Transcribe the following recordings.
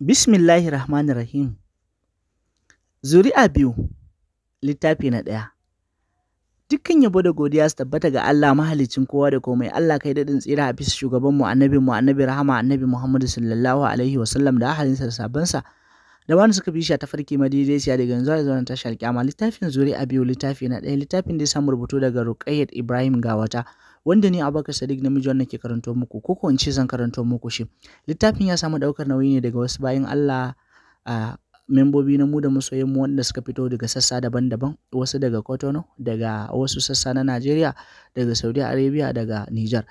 Bismillahi Rahmanir Rahim. Zuri'a biyu, littafi na ɗaya. Dukkan yabo da godiya su tabbata ga Allah mahalicin kowa da komai Allah kai daɗin tsira a bisa shugabanmu a annabi mu annabi rahama annabi Muhammadu sallallahu alaihi wa sallam da ahalinsa da sabansa da wani suka bi shi ta farki siya daga yanzu da zuwa tashar kyama littafin zuri'a biyu littafi na ɗaya littafin da ya samu rubutu daga Ruqayyat Ibrahim Gawata. wanda ni Abubakar Sadiq namiji wannan ke karanto muku ko ko in ce zan karanto muku shi littafin ya samu daukar nauyi ne daga wasu bayan Allah a membobi na mu da masoyan mu wanda suka fito daga sassa daban-daban wasu daga Kotono daga wasu sassa na Najeriya daga Saudi Arabia daga Niger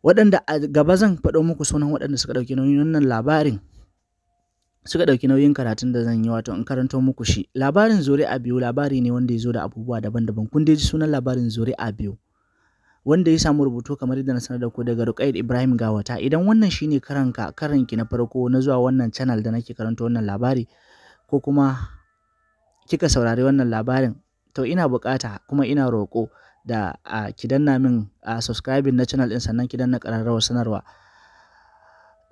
waɗanda a gaba zan faɗo muku sunan waɗanda suka ɗauki nauyin wannan labarin suka ɗauki nauyin karatun da zan yi wato in karanto muku shi labarin zuri'a biyu labari ne wanda ya zo da abubuwa daban-daban kun dai ji sunan labarin zuri'a biyu wanda ya samu rubutu kamar yadda na sanar da ku daga Ruqayyat Ibrahim Gawata idan wannan shine karanka karanki na farko na zuwa wannan channel da nake karanta wannan labari ko kuma kika saurari wannan labarin to ina bukata kuma ina roko da uh, ki danna min uh, subscribing na channel din sannan ki danna ƙararrawar sanarwa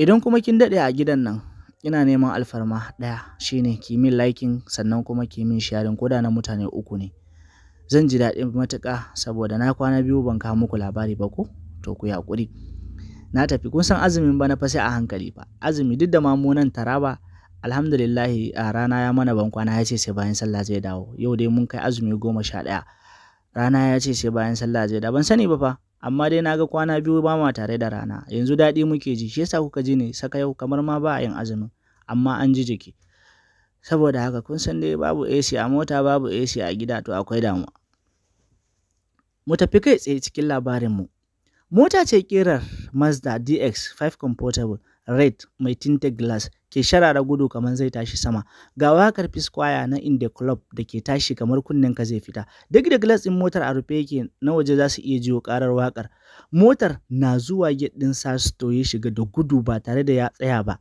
idan kuma kin dade a gidan nan ina neman alfarma ɗaya shine ki min liking sannan kuma ki min sharing koda na mutane uku ne zan ji daɗin matuƙa saboda na kwana biyu ban kawo muku labari ba ko to ku haƙuri. na tafi kun san azumin bana fa sai a hankali fa azumi duk da mamunan taraba alhamdulillahi a rana ya mana ban kwana ya ce sai bayan sallah zai dawo yau dai mun kai azumi goma sha ɗaya rana ya ce sai bayan sallah zai dawo ban sani ba fa amma dai na ga kwana biyu ba ma tare da rana yanzu daɗi muke ji shi yasa kuka ji ne saka yau kamar ma ba a yin azumin amma an ji jiki saboda haka kun san dai babu AC a mota babu AC a gida to akwai damuwa mu tafi kai tsaye cikin labarin mu mota ce kirar mazda dx 5 comfortable red mai tinted glass ke sharara gudu kamar zai tashi sama ga wakar piskwaya na in the club da ke tashi kamar kunnen ka zai fita duk da glass din motar a rufe yake na waje za su iya jiwo karar wakar motar na zuwa gate din sas to ya shiga da gudu ba tare da ya tsaya ba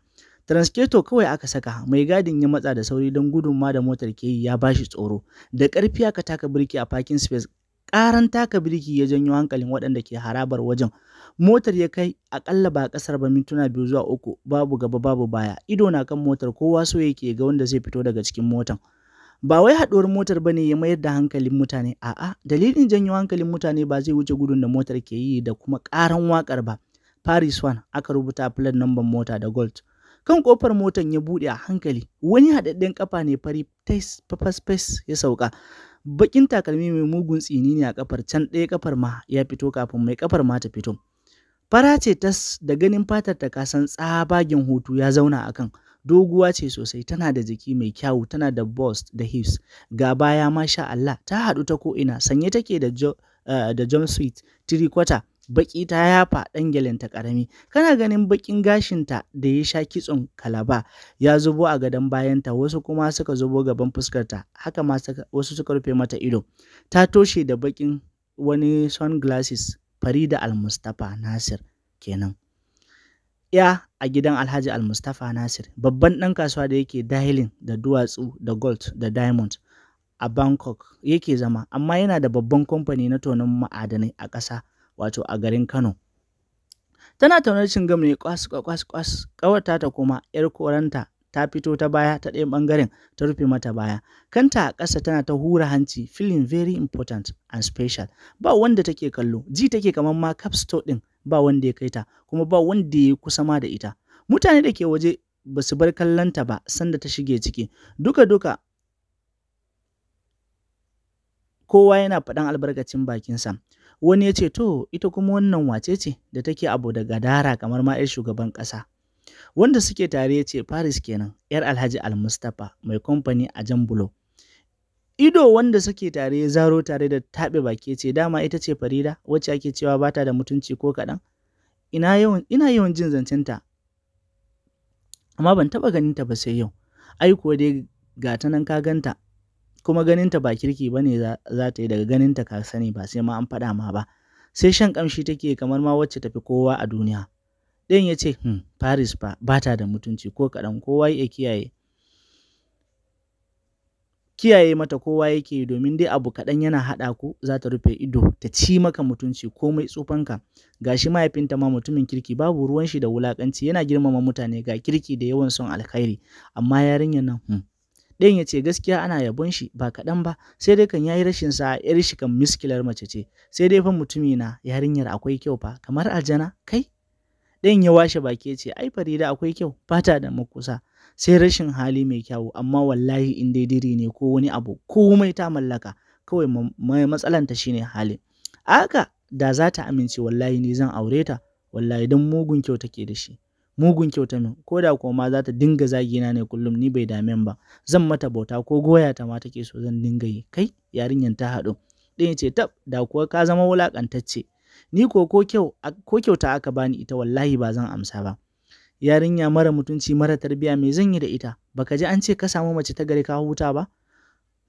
Transketo kawai aka saka, mai gadin ya matsa da sauri don gudun ma da motar ke yi ya bashi tsoro. Da ƙarfi aka taka birki a parking space, ƙaran taka birki ya janyo hankalin waɗanda ke harabar wajen. Motar ya kai akalla ba ƙasar ba mintuna biyu zuwa uku, babu gaba babu baya. Ido na kan motar kowa so yake ga wanda zai fito daga cikin motar. ba wai haɗuwar motar ba ne ya mayar da hankalin mutane a'a dalilin janyo hankalin mutane ba zai wuce gudun da motar ke yi da kuma ƙaran wakar ba paris one aka rubuta plate number mota da gold kan kofar motan ya buɗe a hankali wani haɗaɗɗen ƙafa ne fari fafasfes ya sauka bakin takalmi mai mugun tsini ne a kafar can ɗaya kafar ma ya fito kafin mai ƙafar ma ta fito fara ce tas da ganin fatar ta kasan tsabagen hutu ya zauna akan doguwa ce sosai tana da jiki mai kyawu tana da bust da hips ga baya masha Allah ta haɗu ta ko'ina sanye take da jo, uh, da jumpsuit three quarter baƙi ta yafa ɗan ta karami kana ganin baƙin gashinta da ya sha kitson kalaba ya zubo a gadon bayanta wasu kuma suka zubo gaban fuskarta haka ma wasu suka rufe mata ido ta toshe da baƙin wani sunglasses farida almustapha nasir kenan ya a gidan alhaji almustapha nasir babban ɗan kasuwa da yake dahilin da duwatsu da gold da diamond a Bangkok yake zama, amma yana da babban kamfani na tonon ma'adanai a ƙasa wato a garin Kano. Tana taunar cingam ne kwas kwas kwas kawarta ta kuma ‘yar koranta ta fito ta baya ta ɗayan ɓangaren ta rufe mata baya. Kanta a ƙasa tana ta hura hanci feeling very important and special. Ba wanda take kallo, ji take kamar ma capstone store ɗin ba wanda ya kai ta, kuma ba wanda ya kusa ma da ita. Mutane da ke waje ba su bar ta ba sanda ta shige ciki. Duka-duka kowa yana faɗan albarkacin bakinsa. wani ya ce to ita kuma wannan wace ce da take abu da gadara kamar ma 'yar shugaban ƙasa wanda suke tare ya ce paris kenan 'yar alhaji almustapha mai kamfani a jan bulo ido wanda suke tare ya zaro tare da taɓe baki ce dama ita ce farida wacce ake cewa ba ta da mutunci ko kaɗan ina yawan ina yawan jin zancenta amma ban taɓa ganin ta ba sai yau ai kuwa dai ga ta nan ka ganta kuma ganinta ba kirki ba ne za ta yi daga ganinta ka sani ba sai ma an faɗa ma ba sai shan ƙamshi take kamar ma wacce tafi kowa a duniya ɗayan ya ce hmm, paris ba ba ta da mutunci ko kaɗan kowa ya kiyaye kiyaye mata kowa yake yi domin dai abu kaɗan yana haɗa ku za ta rufe ido ta ci maka mutunci komai tsufanka Ga shi mahaifinta ma mutumin kirki babu ruwan shi da wulakanci yana girmama mutane ga kirki da yawan son alkhairi amma yarinyar nan hmm, Dan ya ce gaskiya ana yabon shi ba kaɗan ba sai dai kan yayi rashin sa yar shi kan miskilar mace ce sai dai fa mutumi na yarinyar akwai kyau fa kamar aljana kai. Ɗayan ya washe baki ya ce ai da akwai kyau fata da makusa sai rashin hali mai kyau amma wallahi in dai diri ne ko wani abu komai ta mallaka kawai matsalanta shine halin. A Aka da za ta amince wallahi ne zan aure ta wallahi dan mugun kyau take da shi mugun kyauta min ko da kuwa ma za ta dinga na ne kullum ni bai damen ba zan mata bauta ko goya ta ma take so zan dinga yi kai yarinyan ta haɗu ɗaya ce tab da kuwa ka zama wulaƙantacce ni ko ko kyau ko kyauta aka bani ita wallahi ba zan amsa ba yarinya mara mutunci mara tarbiya me zan yi da ita baka ji an ce ka samu mace ta gari ka huta ba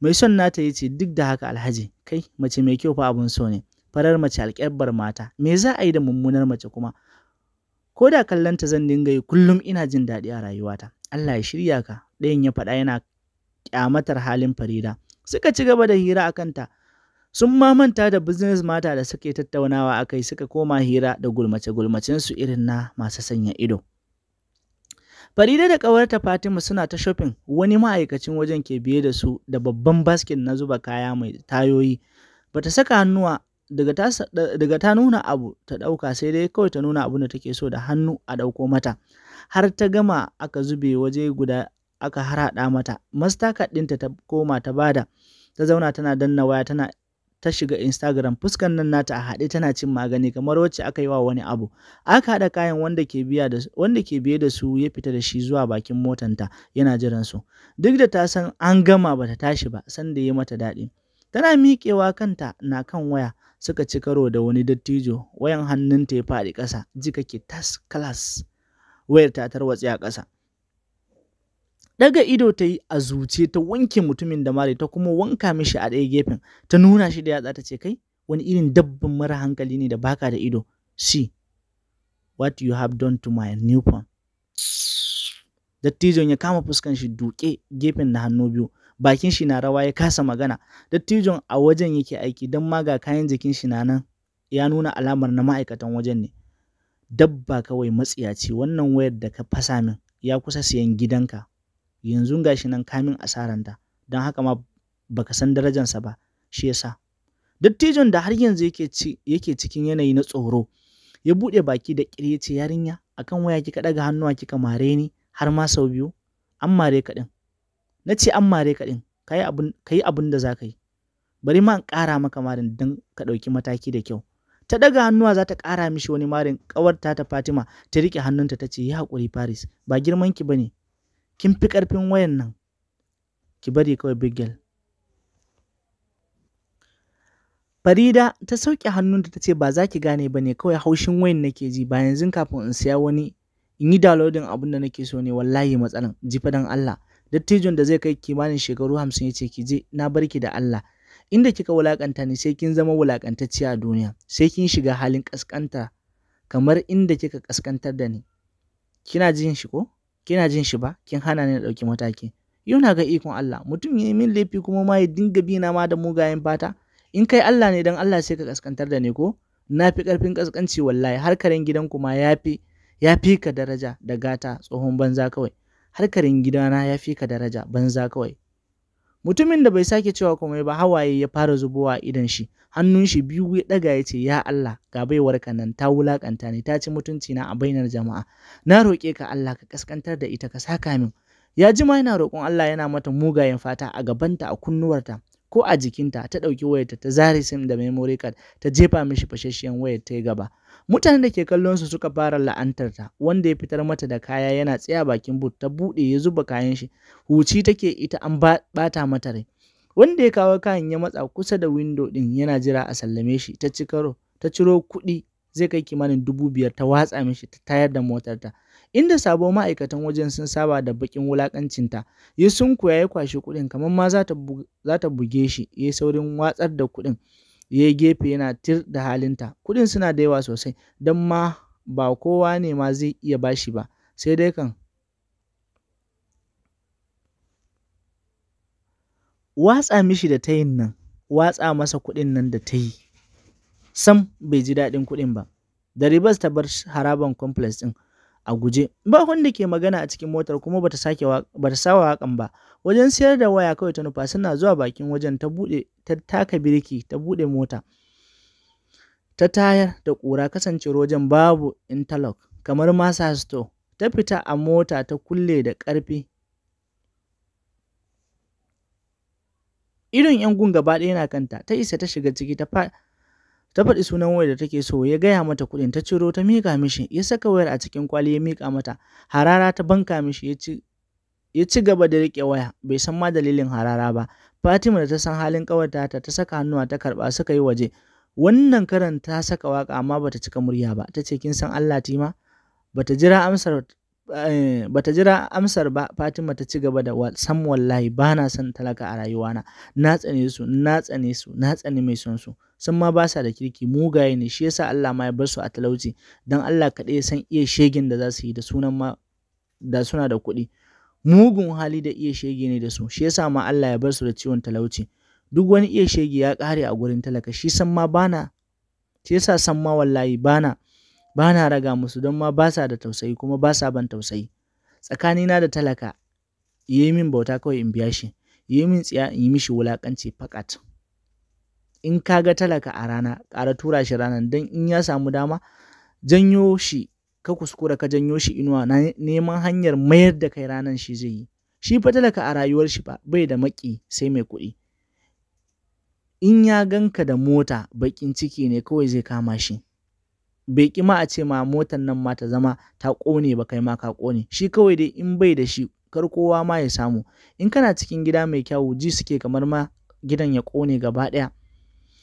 mai son nata ya ce duk da haka alhaji kai mace mai kyau fa abun so ne farar mace alƙyabbar mata me za a yi da mummunar mace kuma ko da kallon ta zan dinga yi kullum ina jin daɗi a rayuwata Allah ya shirya ka ɗayan ya faɗa yana ƙyamatar halin Farida suka ci gaba da hira a kanta sun ma manta da business mata da suke tattaunawa a kai suka koma hira da gulmace-gulmacen su irin na masu sanya ido Farida da ƙawarta Fatima suna ta shopping wani ma'aikacin wajen ke biye da su da babban basket na zuba kaya mai tayoyi bata saka hannuwa daga ta nuna abu ta ɗauka sai dai kawai ta nuna abu da take so da hannu a ɗauko mata har ta gama aka zube waje guda aka harhaɗa mata mastaka ɗinta ta koma ta bada ta zauna tana danna waya tana ta shiga Instagram fuskan nan nata a haɗe tana cin magani kamar wacce aka yi wa wani abu. Aka haɗa kayan wanda ke biya biye da su ya fita da shi zuwa bakin motanta yana jiran su. Duk da ta san an gama bata tashi ba sanda ya mata daɗi. Tana miƙewa kanta na kan waya suka ci karo da wani dattijo wayan hannun ta ya faɗi ƙasa jika ke tas kalas wayar ta tarwatse a ƙasa daga ido ta yi a zuce ta wanke mutumin da mare ta kuma wanka mishi a ɗaya gefen ta nuna shi da yatsa ta ce kai wani irin dabban mara hankali ne da baka da ido si what you have done to my new phone dattijon ya kama fuskan shi duke gefen da hannu biyu bakin shi na rawa ya kasa magana dattijon a wajen yake aiki don ma ga kayan jikin shi na nan ya nuna alamar na ma'aikatan wajen ne dabba kawai matsiyaci wannan wayar da ka fasa min ya kusa siyan gidanka yanzu gashi nan kamin asaran ta don haka ma baka san darajansa ba shi yasa dattijon da har yanzu yake cikin yanayi na tsoro ya bude baki da kirye ce yarinya akan waya kika ɗaga hannuwa kika mare ni har ma sau biyu an mare ka din na ce an mare ka ka yi abin da za ka yi bari ma in ƙara maka marin don ka ɗauki mataki da kyau ta ɗaga hannuwa za ta ƙara mishi wani marin ƙawarta ta fatima ta riƙe hannunta ta ce yi haƙuri paris ba girman ki ne. kin fi ƙarfin wayan nan ki bari kawai bigel farida ta sauke hannunta ta ce ba za ki gane ba ne kawai haushin wayan nake ji ba yanzu kafin in siya wani in yi downloading abin da nake so ne wallahi matsalan Jifa dan Allah dattijon da zai kai kimanin shekaru hamsin ya ce ki je na barki da Allah inda kika wulakanta ni sai kin zama wulakantacciya a duniya sai kin shiga halin kaskanta kamar inda kika kaskantar da ni kina jin shi ko kina jin shi ba kin hana ni na dauki mataki yau na ga ikon Allah mutum ya yi min laifi kuma ma ya dinga bi na ma da mugayen fata in kai Allah ne dan Allah sai ka kaskantar da ni ko na fi karfin kaskanci wallahi har karen gidan ku ma ya fi ya fi ka daraja da gata tsohon banza kawai harkarin gidana ya fi ka daraja banza kawai mutumin da bai sake cewa komai ba hawaye ya fara zubowa idan shi hannun shi biyu ya daga ya ce ya Allah ga baiwarka nan ta wulakanta ne ta ci mutunci na a bainar jama'a na roƙe ka Allah ka kaskantar da ita ka saka min ya jima yana roƙon Allah yana mata mugayen fata a gabanta a kunnuwarta ko a jikinta ta ɗauki wayarta ta zare sim da memory card ta jefa mishi fashashiyan wayar ta gaba mutanen da ke kallon su suka fara la'antar ta wanda ya fitar mata da kaya yana tsaya bakin but ta buɗe ya zuba kayan shi huci take ita an bata mata rai wanda ya kawo kayan ya matsa kusa da window din yana jira a sallame shi ta ciro kuɗi zai kai kimanin dubu biyar ta watsa mishi ta tayar da motarta inda sabon ma'aikatan wajen sun saba da bakin wulakancinta. yusunku ya ya kwashe kuɗin kamar ma za ta buge shi ya yi saurin watsar da kuɗin ya yi gefe yana tir da halinta kuɗin suna da yawa sosai don ma ba kowa ne ma zai iya bashi ba sai dai kan watsa mishi da ta yin nan watsa masa kuɗin nan da ta yi sam bai ji daɗin kuɗin ba da ribas ta bar haraban complex ɗin a guje ba wanda ke magana a cikin motar kuma bata sake bata sawa wakan ba wajen siyar da waya kawai ta nufa suna zuwa bakin wajen ta bude ta taka birki ta bude mota ta tayar da ƙura kasance wajen babu interlock kamar masa store ta fita a mota ta kulle da karfi irin yan gun gaba ɗaya na kanta ta isa ta shiga ciki ta ta faɗi sunan wayar da take so ya gaya mata kuɗin ta ciro ta mika mishi ya saka wayar a cikin kwali ya miƙa mata harara ta banka mishi ya ci ya ci gaba da riƙe waya bai san ma dalilin harara ba fatima da ta san halin ƙawarta ta ta saka hannuwa ta karɓa suka yi waje wannan karan ta saka waka amma bata cika murya ba ta ce kin san allah tima bata jira amsar eh, bata jira amsar ba Fatima ta ci gaba da san wallahi bana son talaka a rayuwana na tsane su na tsane su na tsane mai son su san ma ba sa da kirki mugaye ne shi yasa Allah ma ya bar su a talauci dan Allah kaɗai ya san iya shegin da za su yi da sunan ma da suna da kuɗi mugun hali da iya shege ne da su shi yasa ma Allah ya bar su da ciwon talauci duk wani iya shege ya kare a gurin talaka shi san ma bana shi yasa san ma wallahi bana bana raga musu don ma ba sa da tausayi kuma ba sa ban tausayi tsakanina da talaka yi min bauta kawai in biya shi yi min tsiya in yi mishi wulakanci fakat in ka ga talaka a rana ƙara tura shi ranar don in ya samu dama janyo shi ka kuskura ka janyo shi inuwa na neman hanyar mayar da kai ranar shi zai yi shi fa talaka a rayuwar shi ba bai da maki sai mai kuɗi in ya ganka da mota baƙin ciki ne kawai zai kama shi bai ki ma a ce ma motan nan ma ta zama ta ƙone ba kai ma ka ƙone shi kawai dai in bai da shi kar kowa ma ya samu in kana cikin gida mai kyawu ji suke kamar ma gidan ya ƙone gaba ɗaya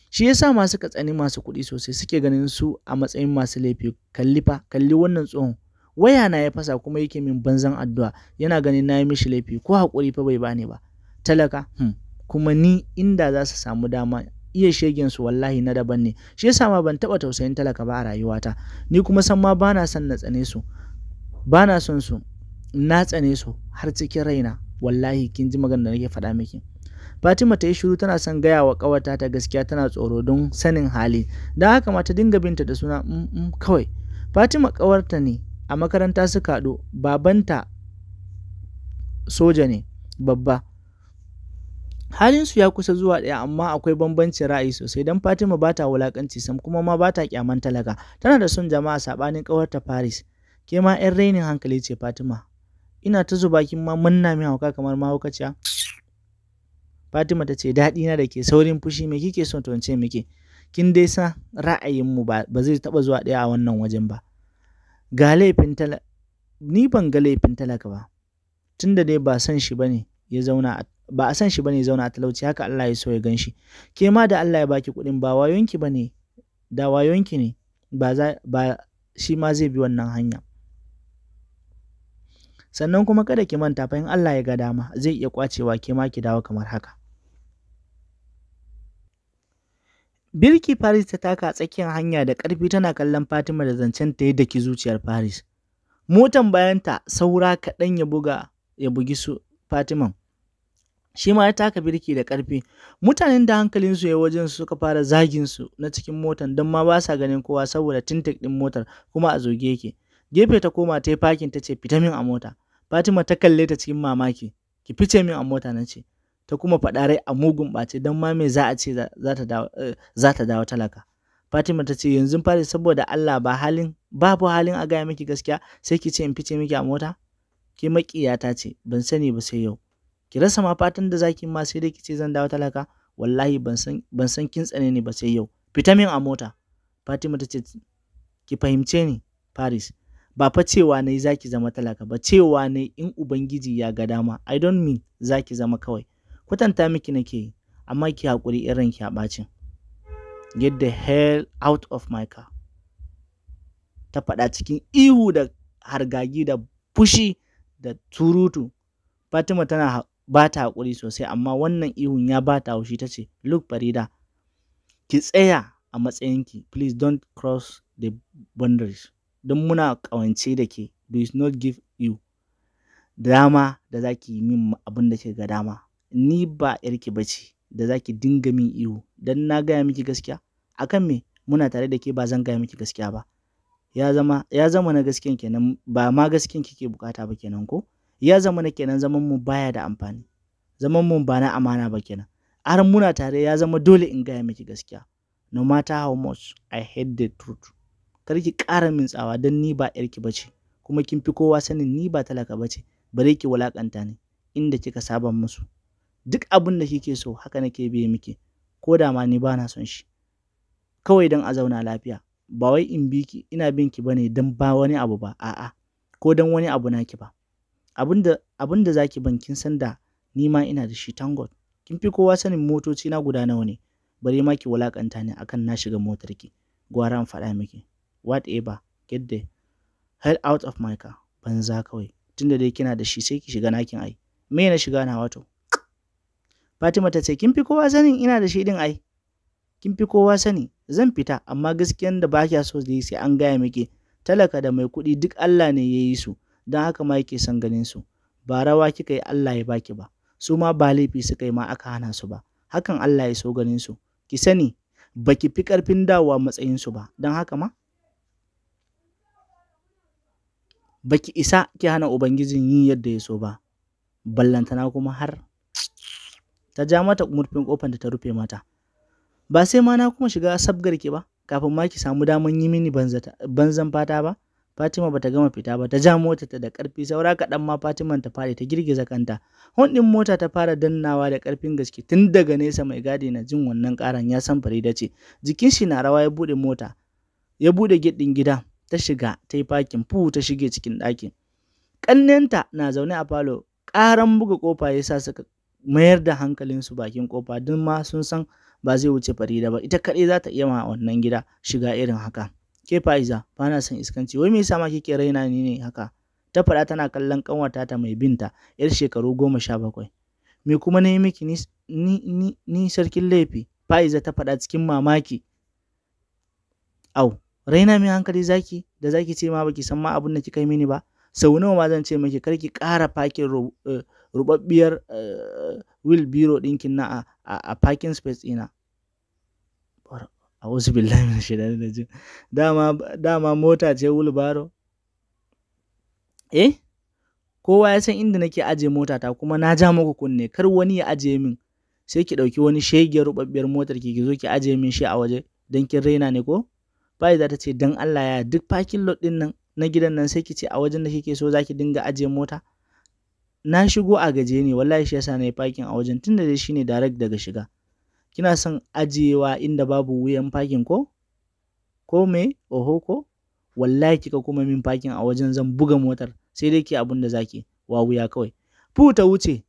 shi yasa masu katsani masu kuɗi sosai suke ganin su a matsayin masu laifi kalli fa kalli wannan tsohon waya na ya fasa kuma yake min banzan addu'a yana ganin na yi mishi laifi ko haƙuri fa bai bani ba talaka hmm. kuma ni inda za su samu dama iya shegen su wallahi na daban ne shi yasa ma ban taɓa tausayin talaka ba a rayuwata ni kuma san ma bana son na tsane su bana son su na tsane su har cikin raina wallahi kin ji magana da nake faɗa miki Fatima ta yi shiru tana son gaya wa ƙawata ta gaskiya tana tsoro don sanin hali. Don haka ma ta dinga binta da suna mm, mm kawai. Fatima ƙawarta ne a makaranta suka haɗu babanta soja ne babba. Halinsu ya kusa zuwa ɗaya amma akwai bambancin ra'ayi sosai don Fatima ba ta wulaƙanci sam kuma ma ba ta ƙyaman talaka. Tana da son jama'a saɓanin ƙawarta Paris. Ke ma 'yan rainin hankali ce Fatima. Ina ta zuba kin ma manna min hauka kamar mahaukaciya. Fatima ta ce daɗi na da ke saurin fushi me kike son to ce miki kin dai sa ra'ayinmu ba zai taɓa zuwa ɗaya a wannan wajen ba ga laifin talaka ni ban ga laifin talaka ba tunda dai ba san shi bane ya zauna ba a san shi bane zauna a talauci haka Allah ya so ya gan shi ke ma da Allah ya baki kuɗin ba wayonki bane da wayonki ne ba za ba shi ma zai bi wannan hanya sannan kuma kada ki manta fa in Allah ya ga dama zai iya kwacewa ke ma ki dawo kamar haka Birki Paris ta taka a tsakiyar hanya da ƙarfi tana kallon Fatima da zancen ta yadda ki zuciyar Paris. Motan bayanta saura kaɗan ya buga ya bugi su Fatima. Shi ma ya taka birki da ƙarfi. Mutanen da hankalinsu ya wajen suka fara zagin su na cikin motan don ma ba sa ganin kowa saboda tintik ɗin motar kuma a zoge yake. Gefe ta koma ta yi fakin ta ce fita min a mota. Fatima ta kalle ta cikin mamaki. Ki fice min a mota na ce. ta kuma faɗa rai a mugun ɓace don ma mai za a ce eh, za ta dawo talaka Fatima ta ce yanzu fari saboda Allah ba halin babu halin a gaya miki gaskiya sai ki ce in fice miki a mota Ki maƙiyata ce ban sani ba sai yau ki rasa ma fatan da zaki ma sai dai ki ce zan dawo talaka wallahi ban san kin tsane ne ba sai yau fita min a mota Fatima ta ce ki fahimce ni Faris ba fa cewa ne zaki zama talaka ba cewa ne in ubangiji ya ga dama I don't mean zaki zama kawai kwatanta miki nake yi amma ki haƙuri irin ki a ɓacin get the hell out of my car ta faɗa cikin ihu da hargagi da fushi da turutu fatima tana ba ta haƙuri sosai amma wannan ihun ya ba ta haushi ta ce look farida ki tsaya a matsayinki please don't cross the boundaries don muna ƙawance da ke do not give you dama da za ki yi min abin da ke ga dama ni ba yarki bace da za ki dinga min ihu don na gaya miki gaskiya A kan me muna tare da ke ba zan gaya miki gaskiya ba ya zama na gaskiyan kenan ba ma gaskiyan kike bukata ba kenan ko ya zama na kenan zaman mu baya da amfani zaman mu ba na amana ba kenan har muna tare ya zama dole in gaya miki gaskiya no matter how much i hate the truth kar ki ƙara min tsawa don ni ba yarki bace kuma kin fi kowa sanin ni ba talaka bace bare ki wulakanta ni inda kika saba musu duk abin da kike so haka nake biye miki ko da ma ni ba na son shi kawai don a zauna lafiya ba wai in bi ki ina bin ki bane don ba wani abu ba a'a ko don wani abu naki ba abinda abinda zaki ban kin san da ni ma ina da shi tangot kin fi kowa sanin motoci na guda nawa ne bare ma ki wulakanta ni akan na shiga motar ki gwara an faɗa miki whatever get the hell out of my car banza kawai tunda dai kina da shi sai ki shiga nakin ai me na shiga na wato Fatima ta ce kin fi kowa sani, ina da shi din ai. Kin fi kowa sani zan fita amma gaskiyan da ba kya so da sai an gaya miki talaka da mai kuɗi duk Allah ne ya yi su don haka ma yake san ganin su ba rawa kika yi Allah ya baki ba su ma ba laifi suka yi ma aka hana su ba hakan Allah ya so ganin su ki sani baki fi ƙarfin dawowa matsayin su ba don haka ma baki isa ki hana ubangijin yin yadda ya so ba ballantana kuma har ta ja mata murfin kofar da ta rufe mata ba sai ma na kuma shiga sabgar ki ba kafin ma ki samu daman yi mini banzan fata ba Fatima bata gama fita ba ta ja mota ta da karfi saura kaɗan ma Fatima ta fare ta girgiza kanta hundin mota ta fara dannawa da karfin gaske tun daga nesa mai gadi na jin wannan karan ya san Farida ce jikin shi na rawa ya bude mota ya bude gidin gida ta shiga ta yi fakin fu ta shige cikin ɗakin ƙannenta na zaune a falo ƙaran buga kofa ya sa suka mayar da hankalinsu bakin kofa don ma sun san ba zai wuce fari da ba ita kaɗai za ta iya ma wannan gida shiga irin haka ke fa'iza ba na son iskanci wai me yasa ma kike raina ni ne haka ta faɗa tana kallon ƙanwata ta mai binta yar shekaru goma sha bakwai me kuma na yi miki ni, ni, ni sarkin laifi fa'iza ta faɗa cikin mamaki au raina mai hankali zaki da zaki ce ma baki san ma abin da kika yi mini ba sau nawa ma zan ce miki kar ki ƙara fakin eh, ruɓaɓɓiyar eh, biro ɗinkin na a parking space ina. a wasu billahi min shaidan da jin dama mota ce wheelbarrow eh kowa ya san inda nake aje ta kuma na ja muku kunne kar wani ya ajiye min sai ki ɗauki wani shege rubabbiyar motar ki ki zo ki ajiye min shi a waje don kin raina ne ko bai za ta ce dan Allah ya duk parking lot din nan na gidan nan sai ki ce a wajen da kike so zaki dinga ajiye mota na shigo a gaje ne wallahi shi yasa na yi fakin a wajen tunda dai shine direct daga shiga kina son ajiyewa inda babu wuyan parking ko ko me oho ko wallahi kika kuma min fakin a wajen zan buga motar sai dai ke abin da zaki wa wuya kawai futa wuce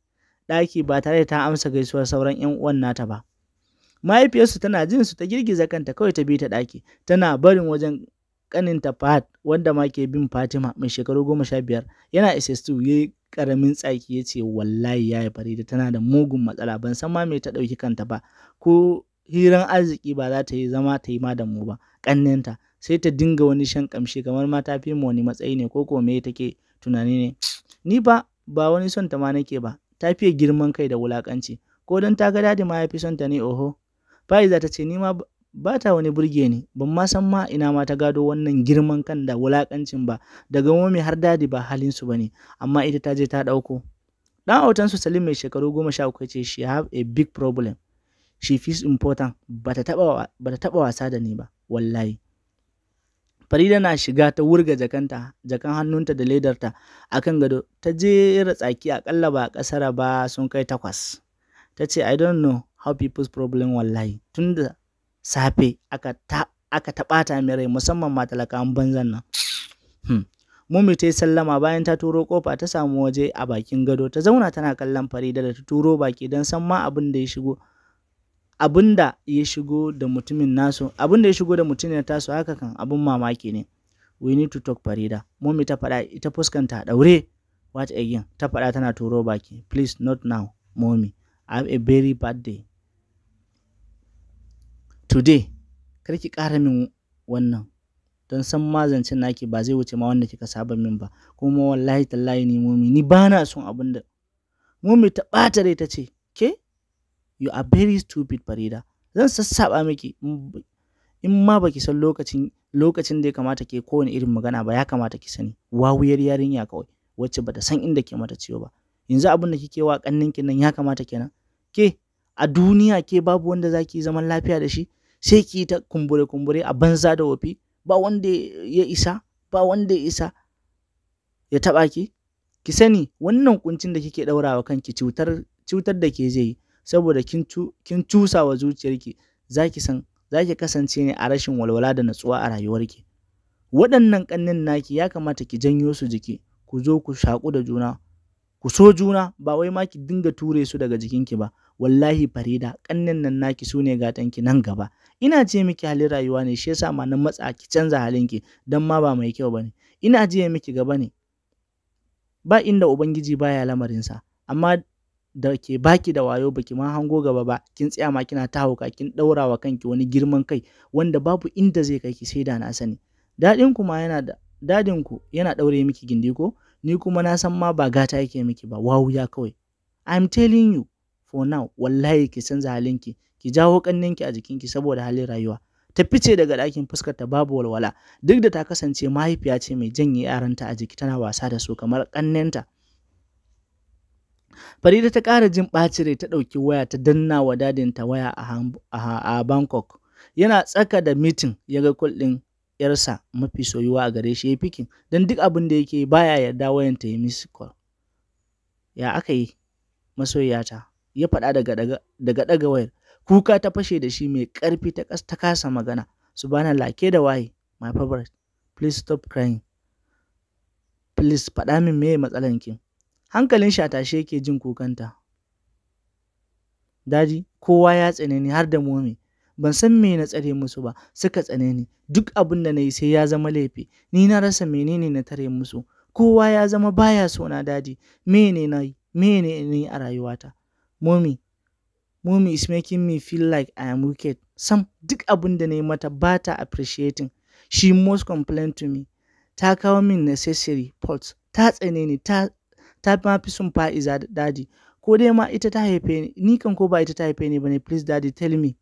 ɗaki ba tare da ta amsa gaisuwar sauran 'yan uwan nata ba mahaifiyarsu tana jin su ta girgiza kanta kawai ta bi ta ɗaki tana barin wajen kaninta Fahad wanda ma ke bin Fatima mai shekaru goma sha biyar yana SS2 ya yi karamin tsaki ya ce wallahi ya yi da tana da mugun matsala ban san ma mai ta ɗauki kanta ba ko hiran arziki ba za ta yi zama ta yi ma da mu ba ƙannenta. sai ta dinga wani shan kamshi kamar ma ta fi mu wani matsayi ne ko ko me take tunani ne ni ba ba wani son ta ma nake ba ta fiye girman kai da wulakanci ko don ta ga dadi ma ya fi son ta ne oho Faiza ta ce ni ma ba ta wani burge ni ban ma san ma ina ma ta gado wannan girman kan da wulakancin ba daga momi har dadi ba halin su bane amma ita ta je ta dauko dan autan su Salim mai shekaru 13 ce she have a big problem she feels important bata taba bata taba wasa da ni ba wallahi Farida na shiga ta wurga jakanta, jakan hannunta da ledarta a kan gado, ta jera tsaki akalla ba kasara ba sun kai takwas. Ta ce, I don't know how people's problem wallahi, tunda safe aka ta aka taɓata mai rai musamman ma talakawan banzan nan. Hmm. Mummy ta yi sallama bayan ta turo kofa ta samu waje a bakin gado ta zauna tana kallon Farida da ta turo baki don san ma abin da ya shigo abin da ya shigo da mutumin nasu abin da ya shigo da mutumin tasu haka kan abin mamaki ne. We need to talk Farida. Mummy ta faɗa ita fuskanta a daure. What again? Ta faɗa tana turo baki. Please not now, mummy I have a very bad day. today kar ki ƙara min wannan don san ma zancen naki ba zai wuce ma wanda kika saba min ba kuma wallahi tallahi ni mumi ni ba na son abin da mumi ta ɓata rai ta ce ke you are very stupid farida zan sassaɓa miki in ma baki san lokacin lokacin da ya kamata ke kowane irin magana ba ya kamata ki sani wawuyar yarinya kawai wacce bata san inda ke mata ciwo ba yanzu abin da kike wa kannin nan ya kamata kenan ke a duniya ke babu wanda zaki zaman lafiya da shi sai ki ta kumbure kumbure a banza da wofi ba wanda ya isa ba wanda ya isa ya taba ki ki sani wannan kuncin da kike daurawa kanki cutar cutar da ke zai saboda kin kin cusa wa zuciyarki zaki san zaki kasance ne a rashin walwala da natsuwa a rayuwarki waɗannan ƙannin naki ya kamata ki janyo su jiki ku zo ku shaku da juna ku so juna ba wai ma ki dinga ture su daga jikinki ba wallahi farida kannin nan naki su ne ki nan gaba ina ce miki halin rayuwa ne shi yasa ma nan matsa ki canza halin ki, dan ma ba mai kyau bane ina jiya miki gaba ne ba inda ubangiji baya lamarinsa amma da ke baki da wayo baki ma hango gaba ba kin tsaya ma kina tahuka kin daura wa kanki wani girman kai wanda babu inda zai kai ki sai da na sani dadin ku ma yana da dadin ku yana daure miki gindi ko ni kuma na san ma ba gata yake miki ba wawu ya kawai i'm telling you for now wallahi ki canza halinki ki jawo kanninki a jikinki saboda halin rayuwa ta fice daga ɗakin fuskar ta babu walwala duk da ta kasance mahaifiya ce mai janye yaranta a jiki tana wasa da su kamar ƙannenta Farida ta ƙara jin ɓacire ta ɗauki waya ta danna wa dadinta waya a Bangkok. Yana tsaka da mitin ya ga kul 'yarsa mafi soyuwa a gare shi ya fikin don duk abin da yake baya yarda wayan ta yi miss call ya aka yi masoyata ya faɗa daga daga wayar kuka ta fashe da shi mai ƙarfi ta kasa magana subhana lake da waye my favorite please stop crying please faɗa min meye matsalan ki hankalin shi a tashe yake jin kukanta daji kowa ya tsanani har da momi ban san me na tsare musu ba suka tsane ni duk abin da na yi sai ya zama laifi ni na rasa menene na tare musu kowa ya zama baya so na dadi mene na yi mene ne a rayuwata mommy mommy is making me feel like i am wicked sam duk abin da na yi mata ba ta appreciating she most complain to me ta kawo min necessary pots. ta tsane ni ta ta ma fi sun fa'iza dadi ko dai ma ita ta haife ni ni kan ko ba ita ta haife ni bane please daddy tell me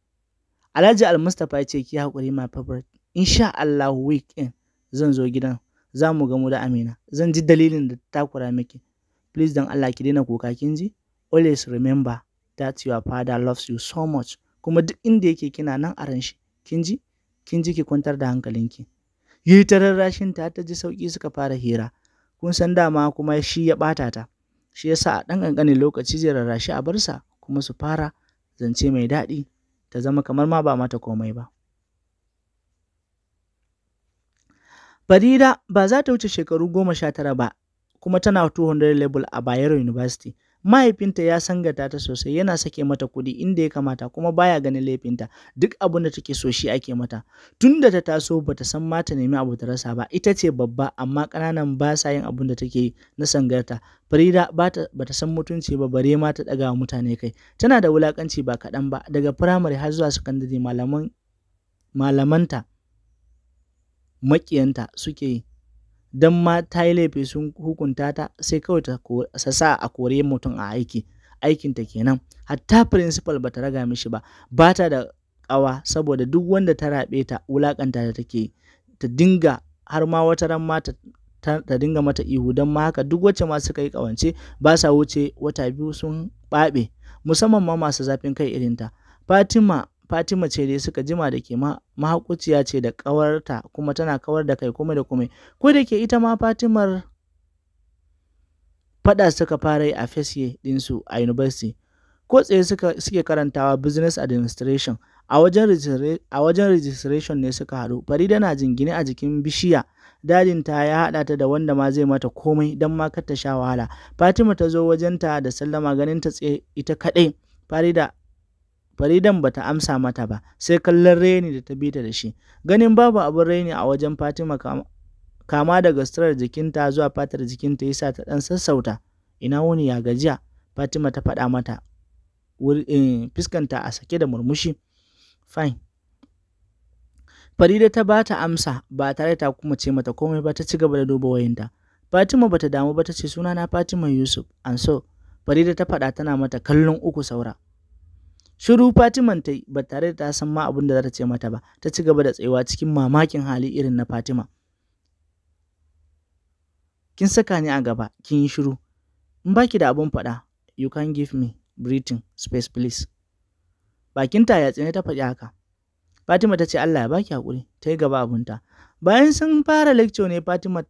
Alhaji Almustapha ya ce ki haƙuri my favorite. Insha Allah weekend zan zo gidan za mu gamu da Amina. Zan ji dalilin da ta takura miki. Please dan Allah ki daina kuka kin ji? Always remember that your father loves you so much. Kuma duk inda yake kina nan a ran shi. Kin ji? Kin ji ki kwantar da hankalinki. Yi ta rarrashin ta ta ji sauki suka fara hira. Kun san dama kuma shi ya ɓata ta. Shi yasa a ɗan ƙanƙanin lokaci zai rarrashi a barsa kuma su fara zance mai daɗi ta zama kamar ma ba mata komai ba farida ba za ta wuce shekaru goma sha tara ba kuma tana 200 level a bayero university mahaifinta ya sangata ta sosai yana sake mata kuɗi inda ya kamata kuma baya ganin laifinta duk abin da take so shi ake mata tunda ta taso bata san mata ta nemi abu ta rasa ba ita ce babba amma ƙananan ba sa yin abin da take na sangarta farida bata bata san mutunci ba bare ma ta ɗaga mutane kai tana da wulakanci ba kaɗan ba daga firamare har zuwa sakandare malaman malamanta makiyanta suke yi. don ma ta yi laifi sun hukunta ta sai kawai ta sa a kore mutum a aiki aikinta kenan hatta principal ba ta raga mishi ba ba ta da ƙawa saboda duk wanda ta rabe ta wulaƙanta ta take ta dinga har ma wata ran ma ta ta dinga mata ihu don ma haka duk wacce ma suka yi kawance ba sa wuce wata biyu sun ɓaɓe musamman ma masu zafin kai irinta fatima Fatima ce dai suka jima da ke mahaƙuciya ce da ƙawarta kuma tana kawar da kai kuma da kuma ko da ke ita ma Fatimar faɗa suka fara yi a fesye ɗinsu a university ko tsaye suke karantawa business administration a wajen registration ne suka haɗu farida na jingine a jikin bishiya Dadin ta ya haɗa ta da wanda ma zai mata komai don ma kar ta sha wahala fatima ta zo wajenta da sallama ganin ta tsaye ita kaɗai farida Faridan ba ta amsa mata ba, sai kallon reni da ta bi ta da shi. Ganin babu abin reni a wajen Fatima kama daga suturar jikinta zuwa fatar jikinta yasa ta ɗan sassauta. Ina wuni ya gajiya? Fatima ta faɗa mata. Eh, Fiskanta a sake da murmushi. Fine. Farida ta ba ta amsa ba tare ta kuma ce mata komai ba ta ci gaba da duba wayinta Fatima bata damu ba ta ce sunana Fatima Yusuf. An so Farida ta faɗa tana mata kallon uku saura. Shiru Fatima ta yi ba tare da ta san ma abin da za ta ce mata ba, ta ci gaba da tsayuwa cikin mamakin hali irin na Fatima. Kin saka ni a gaba, kin yi shiru. In baki da abin faɗa, you can give me breathing space please. ta ya tsine ta faɗi haka. Fatima ta ce Allah ya baki haƙuri, ta yi gaba abunta. Bayan sun fara lecture ne Fatima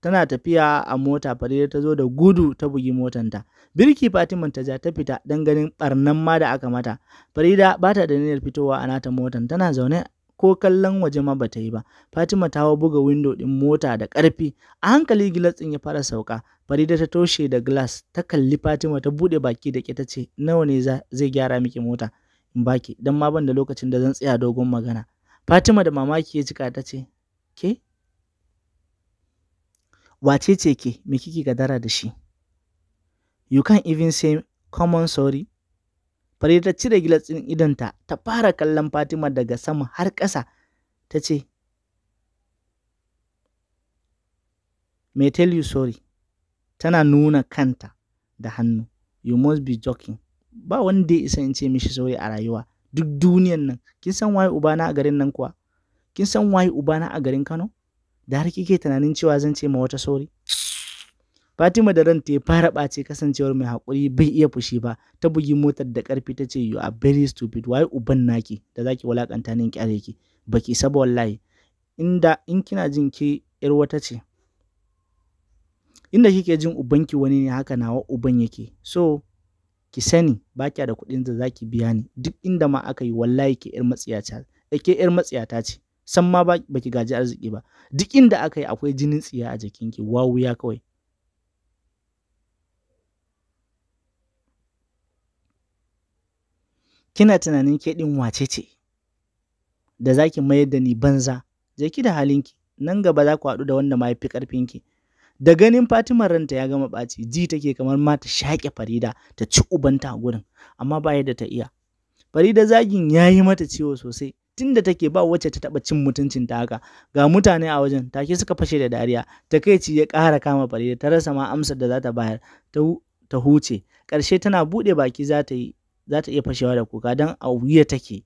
tana tafiya a mota Farida ta zo da gudu ta bugi motanta. Birki Fatima ta ja ta fita don ganin barnan ma da aka mata. Farida ba ta da niyyar fitowa a nata motan tana zaune ko kallon waje ma bata yi ba. Fatima ta hau buga windo din mota da karfi A hankali gilas ɗin ya fara sauka. Farida ta toshe da glass ta kalli Fatima ta buɗe baki da ta ce nawa ne zai gyara miki mota in baki dan ma ban da lokacin da zan tsaya dogon magana. Fatima da mamaki ya cika ta ce ke wace ce ke me kike gadara da shi you can even say common sorry Fari ta cire gilas ɗin idonta ta fara kallon Fatima daga sama har ƙasa ta ce, May tell you sorry, tana nuna kanta da hannu, you must be joking. Ba wanda ya isa in ce mishi sorry a rayuwa duk duniyan nan, kin san waye ubana a garin nan kuwa? Kin san waye ubana a garin Kano? da har kike tunanin cewa zan ce ma wata sauri Fatima da ranta ya fara ɓace kasancewar mai haƙuri bai iya fushi ba ta bugi motar da ƙarfi ta ce you are very stupid why uban naki da zaki walakanta ni kyare ki baki saba wallahi inda in kina jin ki yar wata ce inda kike jin ubanki wani ne haka nawa uban yake so ki sani ba kya da kuɗin da zaki biya ni duk inda ma aka yi wallahi ke yar matsiyata eh, ke yar matsiyata ce san ma ba ki gaji arziki ba duk inda aka yi akwai jinin tsiya a jikinki wawuya kawai kina tunanin keɗin din wace ce da zaki mayar da ni banza je ki da halinki nan gaba za ku haɗu da wanda ma yafi ƙarfinki da ganin Fatima ranta ya gama ɓaci ji take kamar ma ta shaƙe Farida ta ci ubanta a gurin amma ba yadda ta iya Farida zagin ya yi mata ciwo sosai tun da take ba wacce ta taɓa cin mutuncin ta haka ga mutane a wajen take suka fashe da dariya ta ci ya ƙara kama farida ta rasa ma amsar da za ta bayar ta huce ƙarshe tana buɗe baki za ta iya fashewa da kuka don a wuya take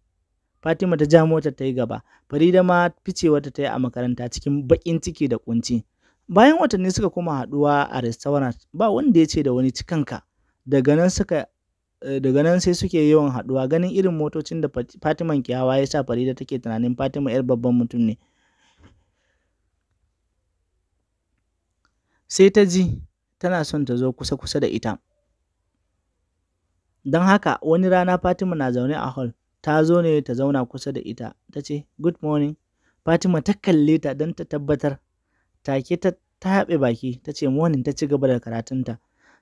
Fatima ta ja motar ta yi gaba, Farida ma ficewarta ta yi a makaranta cikin baƙin ciki da kunci. Bayan watanni suka koma haɗuwa a restaurant, ba wanda ya ce da wani cikanka. Daga nan suka Eh, daga nan sai suke yawan haduwa, ganin irin motocin da fatiman kiyawa ya sa farida take tunanin fatima yar babban mutum ne sai ta ji tana son ta zo kusa-kusa da ita don haka wani rana fatima na zaune a hall ta zo ne ta zauna kusa da ita ta ce good morning fatima ta kalle ta don ta tabbatar take ta ta haɓe baki ta ce morning ta ci gaba da karatunta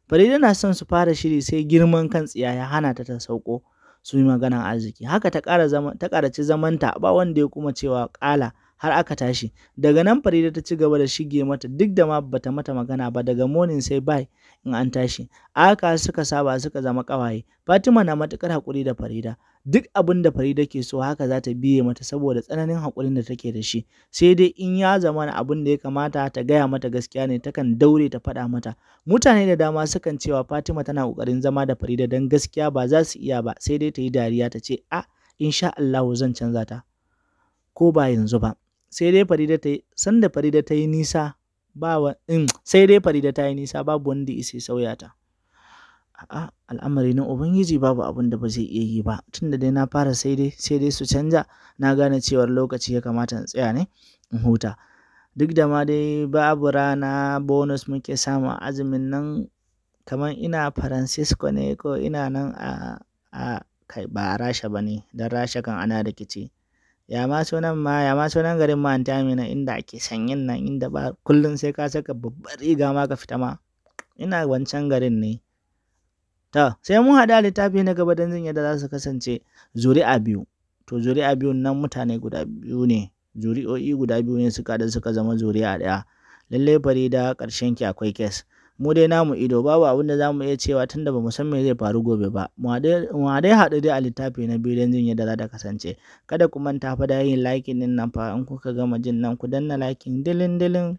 Farida na son su fara shiri sai girman kan tsiya ya hana ta ta sauko su yi maganan arziki. Haka ta ƙara zaman ta zamanta ba wanda ya kuma cewa ƙala har aka tashi. Daga nan Farida ta ci gaba da shige mata duk da ma bata mata magana ba daga morning sai bye in an tashi aka suka saba suka zama ƙawaye fatima na matukar haƙuri da farida duk abin da farida ke so haka za ta biye mata saboda tsananin haƙurin da take da shi sai dai in ya zama abin da ya kamata ta gaya mata gaskiya ne takan daure ta faɗa mata mutane da dama sukan cewa fatima tana ƙoƙarin zama da farida don gaskiya ba za su iya ba sai dai ta yi dariya ta ce a ah, insha Allahu zan canza ta ko ba yanzu ba sai dai farida ta sanda farida ta yi nisa ba wa sai dai da ta yi nisa babu wanda isa sauya ta a'a al'amari na ubangiji babu abin da ba zai iya yi ba tunda dai na fara sai dai sai dai su canza, na gane cewar lokaci ya kamata in tsaya ne in huta duk da ma dai babu rana bonus muke samu azumin nan kamar ina francisco ne ko ina nan a a kai ba rasha ba ne don rasha kan ana rikici ya ma sunan ma ya ma sunan garin ma an tami inda ake sanyin nan inda ba kullum sai ka saka babbar riga ma ka fita ma ina wancan garin ne to sai mun haɗa littafi na gaba don jin yadda za su kasance zuri'a biyu to zuri'a biyu nan mutane guda biyu ne zuri'o'i guda biyu ne suka da suka zama zuri'a daya lallai farida karshen ki akwai kes mu dai namu ido babu abin da zamu iya cewa tunda bamu san me zai faru gobe ba mu dai haɗu dai a littafi na biyu don jin yadda za ta kasance kada ku manta fa da yin likin din nan fa in kuka gama jin nan ku danna likin dilin dilin